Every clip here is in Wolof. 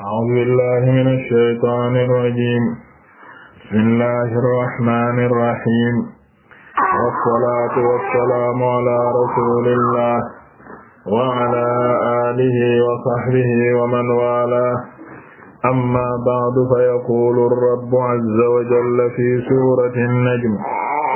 a'uuzu billaahi mina shaytaani rajiim bismillaahi rahmaani rahiim wassalaatu wassalaamu alaa rasuulillah wa alaa aalihi wa sahbihi wa man waalaah ammaa ba'du fa yaquulu rabbu azza wa jalla fi suurati najm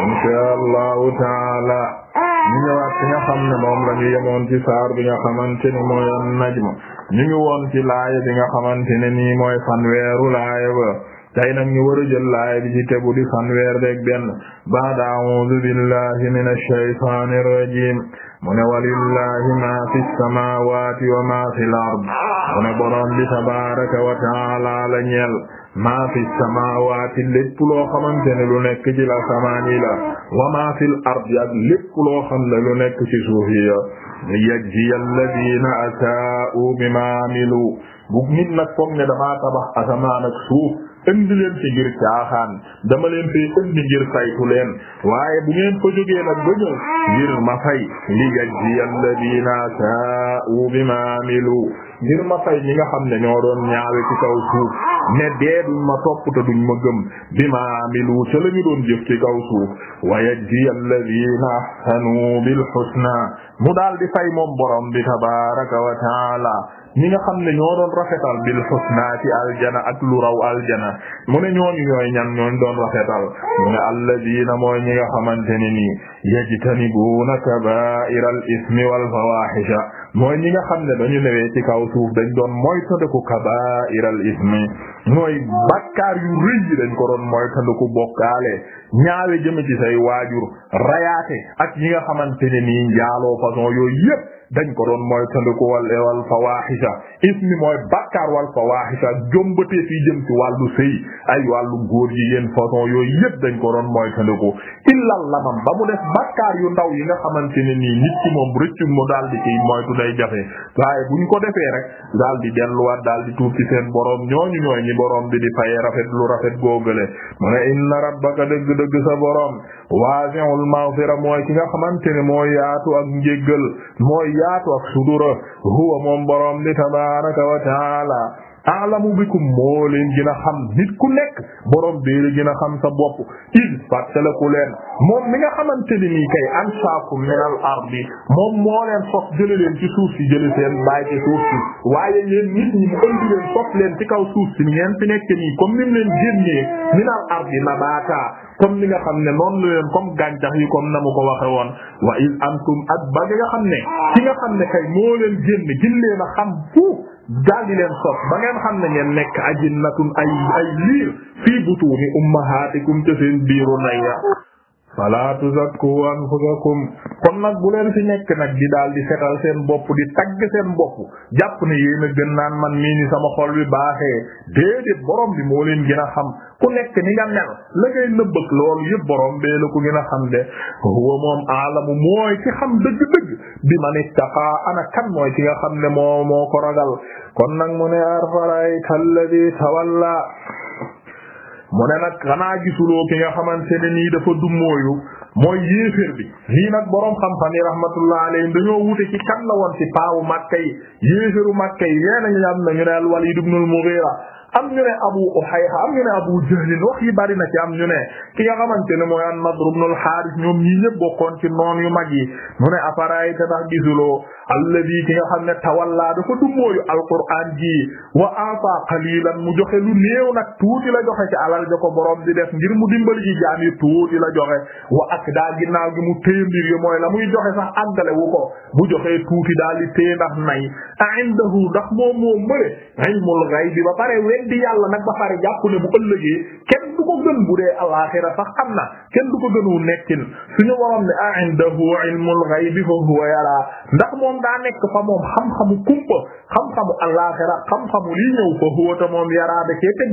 inshaa allahu taala ñu ñëwaat fi nga xam ne moom la ñu yemoon ci saar bi nga xamante ne mooy an-najm ñu ngi woon ci laaya bi nga xamante ne nii mooy weeru laaya ba tey nag ñu war a jël laaya bi ci tegu di fanweer rek benn ba'da a'uudu billahi minash shaytaanir rajiim mu ne walillahi ma fi samawati wa ma fi al-ard mu ne boroom bi tabaraka wa taala la ñeel maa fi samaawaati lépp loo xamante ne lu nekk ci la samaan yi la wa maa fil ardi ak lépp loo xam ne lu nekk ci suuf yi la liyajziya alladiina asaa'u bimaa amilu bu nit nag foog ne damaa tabax asamaan ak suuf indi leen ci ngir caaxaan dama leen fee indi ngir saytu leen waaye bu ngeen fa jógee nag ba ñëw ma fay li yajzi alladina saa'u bima amilu ngir ma fay ñi nga xam ne ñoo doon ñaawe ci kaw suuf ne dee duñ ma topp te duñ ma gëm bima amilu ca la ñu doon jëf ci wa yajzi alladina ahsanu bil husna mu daal di fay moom borom bi tabaraka wa taala ñi nga xam ne ñoo doon rafetal bil husna ci aljana ak lu raw aljana mu ne ñooñu ñooy ñan ñooñ doon rafetal mu ne alladina mooy ñi nga xamante ne nii yajtanibuna kaba'ira al ismi wal fawahisha mooy ñi nga xam ne dañu newee ci kaw suuf dañ doon mooy tandaku kaba'ira al ismi mooy bakkaar yu rëy dañ ko doon mooy tandaku bokkaale ñaawe jëm ci say waajur rayaate ak ñi nga xamante ne ni njaaloo façon yooyu yépp dañ ko doon mooy tandiku wal wal fawahisha ismi mooy bakkaar wal fawahisha jombate fi jëm ci wàllu sëy ay wàllu góor yi yéen façon yooyu yëpp dañ ko doon mooy tandiku illal lamam ba mu def bakkaar yu ndaw yi nga xamante ne nii nit ci moom rëccul mu daal di ci moytu day jafe waaye buñ ko defee rek daal di delluwaat daal di tuub ci seen borom ñooñu ñooy ñi bi di fayee rafet lu rafet góogale mu ne inna rabbaka dëgg-dëgg sa borom wasi'ul maghfira mooy ne mooy yaatu ak yaatu ak sudura huwa moom borom bi tabaaraka wa taala aalamu bikum moo leen xam nit ku nekk borom bee la gën a xam sa bopp is fàttaliku leen moom mi nga xamante ni nii kay ansaakum min al moom moo leen sof leen ci suuf si jële seen baay ci suuf si waaye yéen nit ñi mu ëndi leen leen ci kaw suuf si ngeen fi nekk nii comme ni leen génnee min al ardi nabaata comme li nga xam ne noonu la leen comme gàncax yi comme na mu ko waxe woon wa iz antum ak ba li nga xam ne ki nga xam ne kay moo leen génn gin leen na xam fu daal leen sopp ba ngeen xam ne ngeen nekk ajinnatun ay ay liir fii butuuni ummahatikum ca seen biiru naya wala tuzakku anfusakum kon nag bu leen fi nekk nag di daal di setal seen bopp di tagg seen bopp jàpp ne yéen gën naan man mii ni sama xol bi baaxee déedéet borom bi moo leen gën a xam ku nekk ni nga mel la ngay nëbbëg loolu yëpp borom bee la ko gën a xam de huwa moom aalamu mooy ci xam dëgg-dëgg bi man ittaqa ana kan mooy ci nga xam ne moo moo ko ragal kon nag mu ne arfarayta alladi tawalla mu ne nag xanaa gisuloo ki nga xamante ne nii dafa dummóoyu mooy yéeféer bi lii nag boroom xam-xam yi rahmatullah alayhim dañoo wute ci kan la woon ci paawu Makka yi yéeféeru Makka yi yee nañu am na ñu ne al-Walid ibn al-Mughira am ñu ne Abu Uhayha am ñu ne Abu Jahl wax yi bari na ci am ñu ki nga xamante ne mooy an-Nadr ibn al-Harith ñoom ñii ñëpp bokkoon ci noon yu mag yi mu ne appareil te tax gisuloo alladi ki nga xam ne tawalla dafa dummóoyu alquran ji wa afa qalilan mu joxe lu néew nag tuuti la joxe ci alal ja ko borom di def ngir mu dimbali i jaam yi tuuti la joxe wa ak daa ginnaaw gi mu téye mbir yi mooy la muy joxe sax àggale wu ko bu joxee tuuti daal di téye ndax nay a indahu ndax moom moo mëre ilmul ghaybi ba pare weddi yàlla nag ba pare jàpp ne bu gi kenn du ko gën bu dee alaaxira sax xam na kenn du ko gënu nekkin suñu borom ne moom daa nekk fa moom xam-xamu kumpa xam-xamu allaaxira xam-xamu lii ñëw fa huwata moom yaraa da cee teg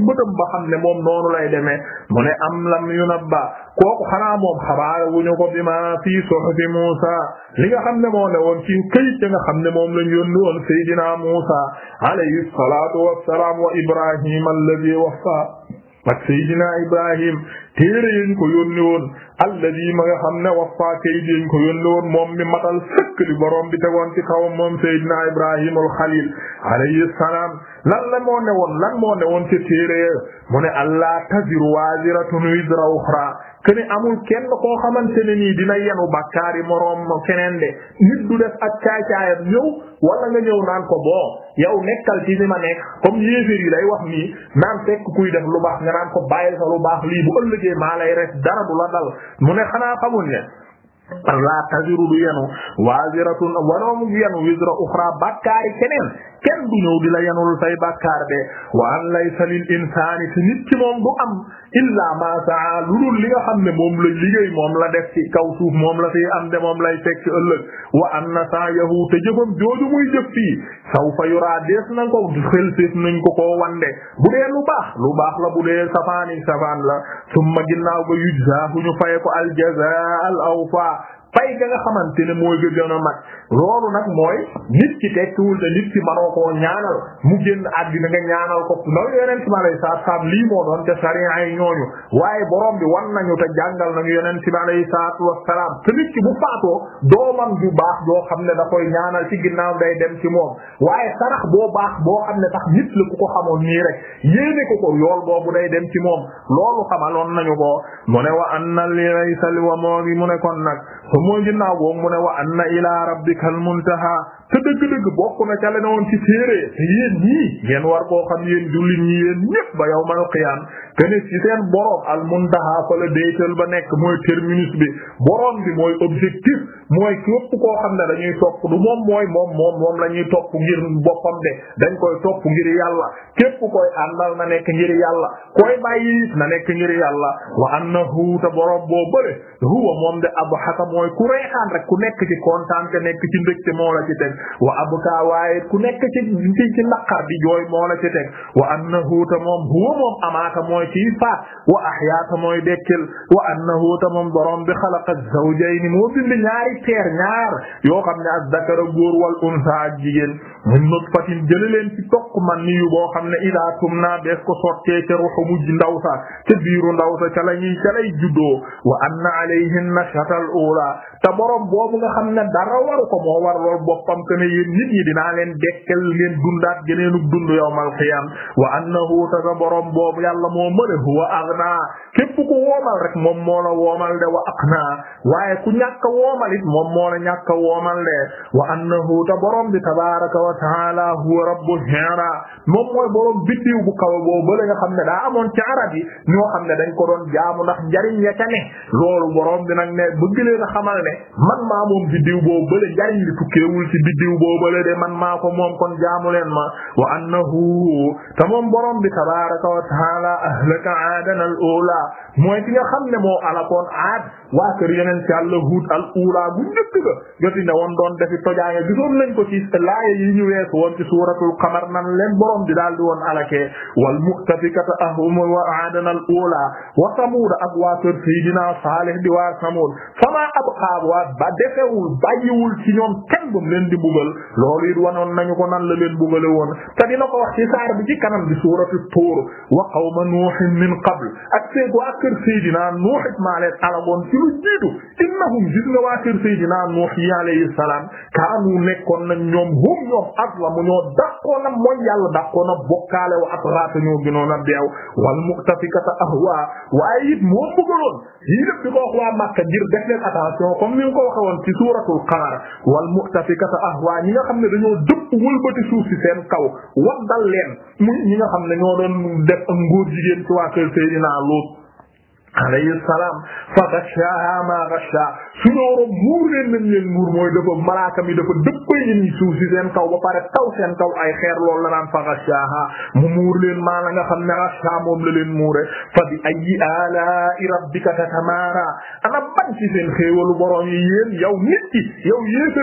xam ne moom noonu lay demee mu ne am lam yunabba kooku xanaa moom xabaar wu ñu ko bi ma fii suhufi Muusa li nga xam ne woon ci këyit nga xam ne moom lañ yónni woon Seydina Muusa alayhi salaatu wassalaam wa Ibraahiima wa waffa ak Seydina Ibrahim téere yañ ko yónni woon alladi ma nga ne waffaa kayit yañ ko yónni woon moom mi matal sëkk borom bi tegoon ci kawam moom Seydina Ibrahim al-Khalil salaam lan la moo ne woon lan moo ne woon ci téere mu ne allaa taziru waaziratun wizra uxra kene amul kenn koo xamante ne nii dina yenu bàkkaari moroom keneen de nit du def ak caay-caayam wala nga ñëw naan ko bon yow nekkal ci li ma nekk comme yéeféer yi lay wax nii naan fekk kuy def lu baax nga naan ko bàyyi sa lu baax lii bu ëllëgee maa lay res dara du la dal mu ne xanaa xamuñ ne laa taziru du yenu waaziratun waroomu yenu wizra uxra bàkkaari keneen kenn du ñëw di la yenul say bàkkaar de wa an laysa lil insaani ci nit ki du am illa ma saa lu dul li nga xam ne moom la liggéey moom la def ci kaw suuf moom la fi am de moom lay fekk ëllëg wa anna sa'yahu te jëfam jooju muy jëf fii sawfa yuraa dees nañ ko xel sees nañ ko koo wande bu dee lu baax lu baax la bu dee safaani safaan la summa ginnaaw ba yujzaahu ñu faye ko al jazaa al awfa pay ga nga xamante ne mooy ga gën a mag loolu nag mooy nit ki tekkiwul ne nit ki manoo koo ñaanal mu génn àddina nga ñaanal ko loolu yonent bi alayhi salaatu salaam lii moo a te sariya waaye borom bi wan nañu te jàngal nañu yonent bi alayhi salaatu wassalaam te nit ki bu faatoo doomam ju baax doo xam ne da koy ñaanal ci ginnaaw day dem ci moom waaye sarax boo baax boo xam ne tax nit la ku ko xamoon nii rek yéene ko ko yool boobu day dem ci moom loolu xamaloon nañu ko mu ne wa annal li laysa wa moo bi mu ne kon nag te mooy ginnaaw boobu mu ne wa anna ilaa rabbikal muntaha te dëgg-dëgg bokk na ca la ne woon ci téere te yéen ñii ngeen war xam yéen jullit ñi yéen ñépp ba yawmal qiyaam te ne ci seen boroom al muntaha fa ba nekk mooy terminus bi boroom bi mooy objectif mooy képp koo xam ne dañuy topp du moom mooy moom moom moom la ñuy topp ngir boppam de dañ koy topp ngir yàlla képp koy àndal na nekk ngir yàlla koy bàyyi na nekk ngir yàlla wa annahu te boroom boo huwa moom de abu xaka mooy ku reexaan rek ku nekk ci kontaan ka nekk ci mbégte moo la ci teg wa abu kaa waaye ku nekk ci ci ci naqar di jooy moo la ci teg wa annahu ta moom huwa moom amaata mooy kii faat wa ahyaata mooy dekkel wa annahu ta moom borom bi xalaqa zawjayni moo bind ñaari teer ñaar yoo xam ne az-zakara góor wal unsa ak jigéen min nutfatin jële leen ci tokk man niyu boo xam ne idaa tumna bees ko sottee ca ruxu mujj ndaw sa ca biiru ndaw sa ca lañuy ca lay juddoo wa anna alayhinna shatal ula te borom boobu nga xam ne dara waru ko moo war lool boppam que ne yéen nit ñi dinaa leen dekkel leen dundaat gëneenug dund yawmal qiyam wa annahu ta sa boobu yàlla moo mëne huwa aghna képp ku woomal rek moom moo la woomal de wa aqna waaye ku ñàkk a woomal moom moo la ñàkk a woomal de wa annahu ta borom bi tabaraka wa taala huwa rabbu hira moom mooy borom biddiw bu kaw boobu ba nga xam ne daa amoon ci arab yi ne dañ ko doon ndax njariñ borom bi nag ne ba leen a xamal ne man maa moom biddiw boobu bële jariñ li tukkeewul ci biddiw boobu bële de man maa ko moom kon jaamu leen ma wa annahu te moom borom bi tabaaraka wa taala ahlaka aadan al ula mooy ki nga xam ne moo alakoon aad waa kër yeneen ci àlla huut al ula bu njëkk ga gati ne to doon dafi tojaange gisoon nañ ko ci laaya yi ñu wees woon ci suuratul qamar nan leen borom bi daal di woon alakee wal mu'tafikata ahum wa aadan waa Samuud fama abqaa waa ba ci ñoom kenn bam di bugal loolu it wanoon nañu ko nan la leen bugale woon te dina ko wax ci saar bi ci kanam bi suuratu Tuur wa qawma nuuhin min qabl ak seeg waa kër Seydina Nuuh it maa leen alagoon ci lu jiitu innahum gis nga waa kër Seydina Nuuh yi alayhi salaam kaanu nekkoon nañ ñoom hum ñoom azlamu ñoo dàqoon a mooy yàlla dàqoon a bokkaale wa atraata ñoo gënoon a deew wal mu'tafikata ahwa waaye it moo bugaloon yi def di waa Makka ngir def leen attention comme ni nga ko waxee woon ci suuratul qamar wal mu'tafikata ahwa ñi nga xam ne dañoo dëpp wëlbati suuf seen kaw waddal leen ñi nga xam ne ñoo doon def ak ngóor jigéen ci waa kër Seydina Luut alayhi salaam fa ghashaaha ma ghashaa suñu waroon muur leen leen muur mooy dafa malaaka mi dafa dëppay leen ñi suuf seen kaw ba pare taw seen kaw ay xeer loolu la naan fa ghashaaha mu muur leen maa la nga xam ne ghashaa moom la leen muure fa bi ayyi alaa'i rabbika tatamaara ana ban ci seen xéewalu borom yi yéen yow nit ki yow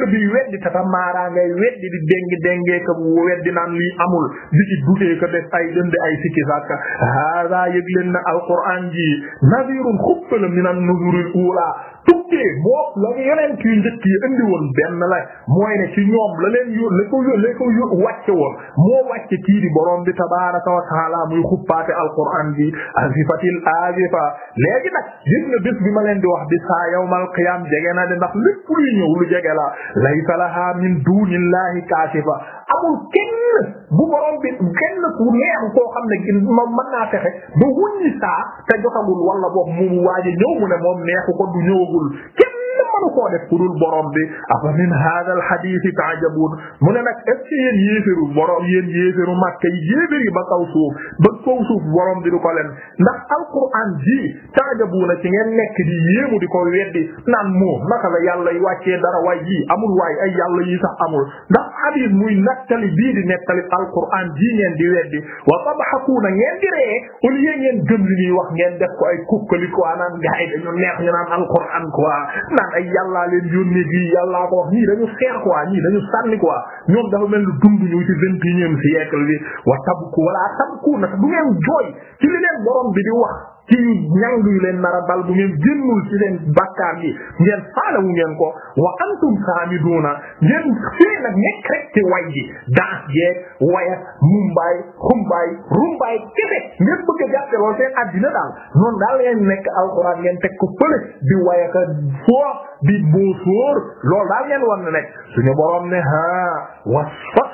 bi weddi tatamaara ngay weddi di déng déngee ka weddi naan lii amul di ci dutee ka def ay dënd ay sikki sàkka haadaa yëg leen nadirun xubba la min an-nuzuril ula tukkee moo la yonent yu njëkk yi indi woon benn la moo ne ci ñoom la leen yó la ko yó la ko yó moo wàcce kii di borom bi tabaraka wa taala muy xuppaate alquran bi azifatil azifa léegi nag gis nga bés bi ma leen di wax bi saa yawmal qiyam jege na de ndax lépp luy ñëw lu jege la laysa laha min dunillahi kashifa amul kenn kenn bu borom bi kenn ku neex koo xam ne ma mën naa fexe ba wuññi saa te joxagul wala boog mu waaj a ñëw mu ne moom neexu ko du ñëwagul kenn mënu koo def ku dul borom bi afa min hada al hadith ta'jabun mu ne nag est ce que yéen yéeféru borom yéen yéeféru Makka yi yéefér yi ba kaw suuf ba kaw suuf borom bi du ko leen ndax alquran ji ta'jabuna ci ngeen nekk di yéemu di ko weddi naan moo naka la yàlla yi wàccee dara waay yi amul waay ay yàlla yi sax amul ndax hadith muy nattali bii di nettali alquran ji ngeen di weddi wa tabhakuna ngeen di ree au lieu ngeen gëm li ñuy wax ngeen def ko ay kukkali quoi naan gaay dañu neex ñu naan alquran quoi naan ay yàllaa leen yónnee gi yàllaa ko wax ñii dañu xeer quoi ñii dañu sànni quoi ñoom dafa mel ni dund ñu ci vingt et unième siècle bi wa tabku wala tabku nag du ngeen jooy ci li leen borom bi di wax ci yu ñàng yu leen nar a dal bu ngeen génnul ci seen bakkaar yi ngeen faalawu ngeen ko wa antum saamiduuna ngeen fee nag nekk rek ci way ji daas jeeg wayat mumbaay xumbaay rumbaay ngeen bëgg a lool seen addina daal noonu daal ngeen nekk alxuraan ngeen teg ko fële di wayaka foof di boo sóor loolu daal ngeen war na nekk suñu borom ne ha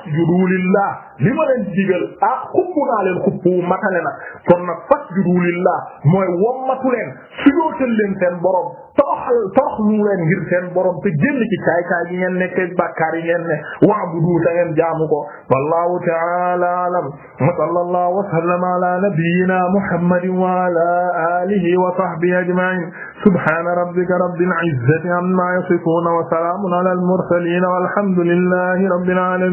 fasjudu lillah li ma leen digal ah xubbu naa leen xubbu matale nag kon nag fasjudu lillah mooy wommatu leen sujootal leen seen borom toroxal torox lu leen ngir seen borom te génn ci caay caay yi ngeen nekk bàkkaar yi ngeen ne wa'budu ta ngeen jaamu ko wallahu ta'ala a'lam wa sallallahu wa sallama ala nabiyyina muhammadin wa ala alihi wa sahbihi ajma'in subhana rabbika rabbil izzati amma yasifun wa salamun ala al mursalin walhamdulillahi rabbil alamin